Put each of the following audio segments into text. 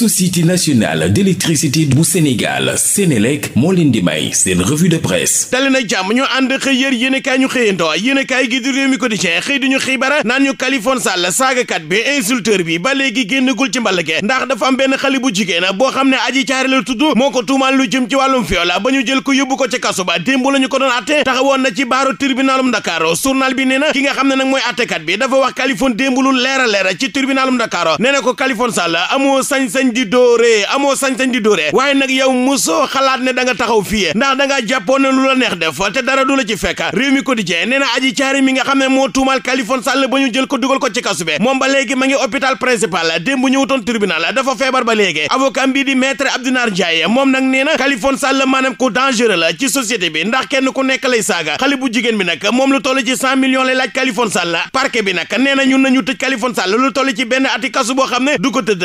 société nationale d'électricité bu Sénégal Sénélec moo leen di may seen revue de presse dali na jàmm ñu ànd xëy yër yéenekaay ñu xëyandoo yéenekaay gi di réew mi quotidien xëy duñu xibara naan ñu Kalifone Sall saagakat bi insulteur bi ba léegi génnagul ci mbalage ndax dafa am benn xale bu jigéen boo xam ne aji caari la tudd moo ko tuumaan lu jëm ci wàllum viol ba ñu jël ko yóbbu ko ci kaso ba démb la ñu ko doon atte taxawoon na ci baaru tribunalum Dakar journal bi ki nga xam ne nag mooy attekat bi dafa wax Kalifone démb leer leer ci tribunalum Dakar nee na ko Kalifone sañ-sañ sañ-sañ di dóoree amoo sañ-sañ di dóoree waaye nag yow mosoo xalaat ne da nga taxaw fii ndax da ngaa jàppoon ne lu la neex def te dara du la ci fekk réew mi quotidien nee na aji caari mi nga xam moo tuumal Kalifon Sall ba ñu jël ko dugal ko ci kasu bi moom ba léegi ma ngi hôpital principal démb ñëwutoon tribunal dafa feebar ba léegi avocat bi di maître Abdinaar Ndiaye moom nag nee na Kalifon Sall maanaam ku la ci société bi ndax kenn ko tëdd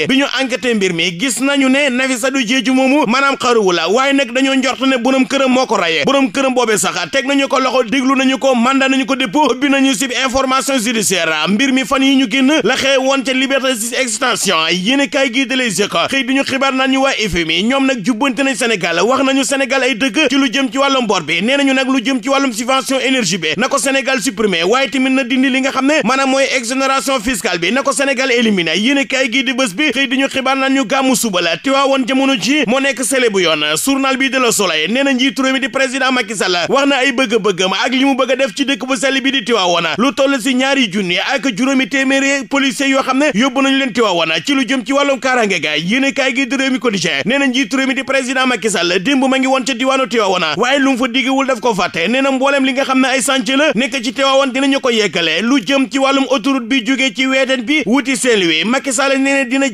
yi bi ñu enquêté mbir mi gis nañu ne Nafissatou Diédhiou moomu maanaam xaruwu la waaye nag dañoo njort ne borom këram moo ko rayee borom këram boobee sax teg nañu ko loxo déglu nañu ko mandat nañu ko dépp ubbi nañu ci information judiciaire mbir mi fan yi ñu génn la xee woon ca liberté six extension yéen kaay gii de Les Échos xëy di ñu xibaar naan ñu waa FMI ñoom nag jubbante nañ Sénégal wax nañu Sénégal ay dëgg ci lu jëm ci wàllum bor bi nee nañu nag lu jëm ci wàllum subvention énergie bi na ko Sénégal supprimer li nga xam ne maanaam mooy exonération fiscale bi na ko xëy di ñu xibaar naan ñu gàmmu suba la Tiwaawoon jamono ji moo nekk sele bu yoon journal bi de Le Soleil nee na njiitu réew mi di président Macky Sall wax na ay bëgg-bëggam ak li bëgg a def ci dëkk bu sell bi di Tiwaawoon lu toll si ñaari junni ak juróomi téeméeri policiers yoo xam ne yóbbu nañu leen Tiwaawoon ci lu jëm ci wàllum kaaraange ga yéene kaay gi di réew mi quotidien nee na njiitu réew mi di président Macky ma ngi woon ca diwaanu Tiwaawoon waaye lu ko fàtte lu jëm ci wàllum autoroute bi jógee ci weeten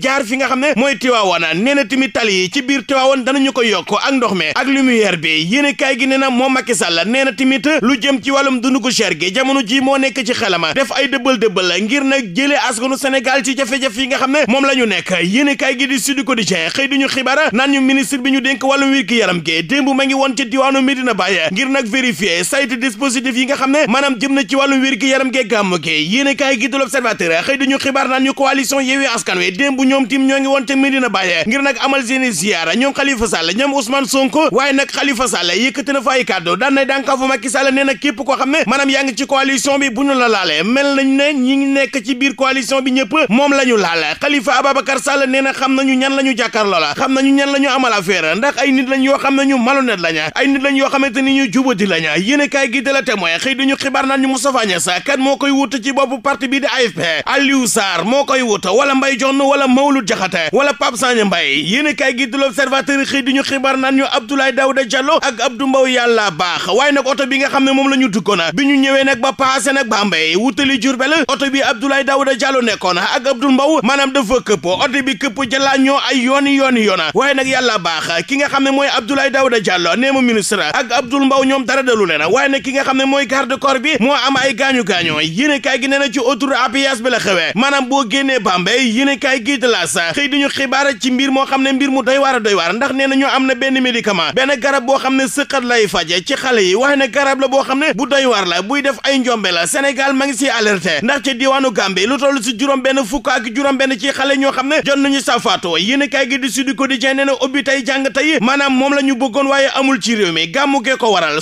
jaar fi nga xam ne mooy Tiwaawana nee na tamit tali ko yokk ak ndox mi ak lumière bi yéen gi nee na moom Macky Sall nee na tamit lu jëm ci wàllum dundu gu cher gi jamono ji moo nekk ci xelama def ay dëbbal dëbbal ngir nag jëlee askanu Sénégal ci jafe-jafe yi nga xam ne moom la ñu nekk yéen kaay gi di Sud Quotidien xëy duñu xibaar naan ñu ministre bi ñu denk wàllum wér gi yaram gi démb ma ngi woon ci diwaanu Medina Baye ngir nag vérifier saytu dispositif yi nga xam ne maanaam jëm na ci wàllum wér gi yaram gi gàmm gi yéen kaay gi de l'Observateur xëy duñu xibaar naan ñu coalition Yewwi Askan Wi démb ñu ñoom tim ñoo ngi woon ca Medina Baye ngir nag amal seeni ziyaara ñoom Khalifa Sall ñoom Ousmane Sonko waaye nag Khalifa Sall yëkkati na fa ay kàddu daan na dànkaafu Macky Sall nee na képp koo xam ne maanaam yaa ngi ci coalition bi bu ñu la laalee mel nañ ne ñi ngi nekk ci biir coalition bi ñëpp moom la ñu laale Khalifa Ababacar Sall nee na xam nañu ñan la ñu jàkkaarloo la xam nañu ñan la ñu amal affaire ndax ay nit lañ yoo xam ne ñu malhonnête laña ay nit lañ yoo xamante ni ñu jubati laña yéene kaay gi de la témoin xëy dañu xibaar naan ñu Moustapha Niass kan moo koy wut ci boppu parti bi di AFP Aliou Sarr moo koy wut wala Mbaye Dione wala Awlu Jaxate wala Pape Sagna Mbaye yéen a kaay gi ñu xibaar naan ñu Abdoulaye Daouda Diallo ak Abdou Mbow yàlla baax waaye nag oto bi nga xam moom la ñu duggoon bi ñu ñëwee nag ba passé nag Bambey wutali Jurbel oto bi Abdoulaye Daouda Diallo nekkoon ak Abdou Mbow maanaam dafa këpp oto bi këpp jëlaa ñoo ay yooni yooni yoona waaye nag yàlla baax ki nga xam ne mooy Abdoulaye Daouda Diallo neema ministre ak Abdou Mbow ñoom dara dalu leen waaye nag ki nga a a place xëy di ñu xibaar ci mbir moo xam ne mbir mu doy waar a doy waar ndax nee na am na benn médicament benn garab boo xam ne sëqat lay faje ci xale yi waaye nag garab la boo xam ne bu doy waar la buy def ay njombe la Sénégal ma ngi siy alerté ndax ci diwaanu Gambie lu toll si juróom benn fukk ak benn ci xale ñoo xam ne jot nañu safaatoo yéen kaay gi di Sud Quotidien nee na ubbi tey jàng tey maanaam moom la ñu bëggoon waaye amul ci réew mi gàmmu ko waral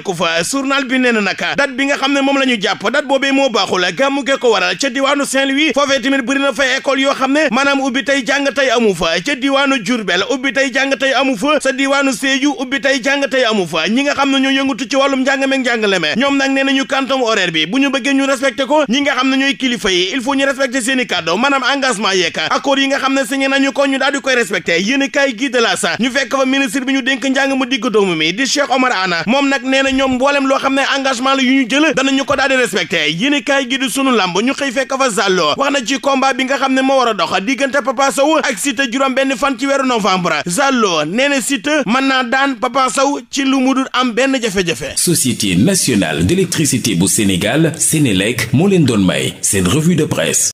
nemmeeku fa journal bi nee na naka date bi nga xam ne moom la ñu jàpp date boobee moo baaxul gàmmu gee ko waral ca diwaanu Saint-Louis foofee tamit bëri fay école yoo xam ne maanaam ubbi tey jàng tey amu fa ca diwaanu Diourbel ubbi tey jàng tey amu fa sa diwaanu Sédhiou ubbi tey jàng tey amu fa ñi nga xam ne ñoo yëngatu ci wàllum njàng meeg njàngale me ñoom nag nee nañu quantum horaire bi bu ñu bëggee ñu respecté ko ñi nga xam ne ñooy kilifa yi il faut ñu respecté seen ñoom mboolem loo xam ne engagement la yu ñu jël danañu ko daal di respecté yéen kaay gi di sunu làmb ñu xëy fekk fa Zallo wax na ci combat bi nga xam ne moo war a dox diggante Papa Sow ak Siteu juróom benn fan ci weeru novembre Zallo nee na Siteu mën naa daan Papa Sow ci lu mu dul am benn jafe-jafe. Société nationale d'électricité bu Sénégal Sénélec moo leen doon may seen revue de presse.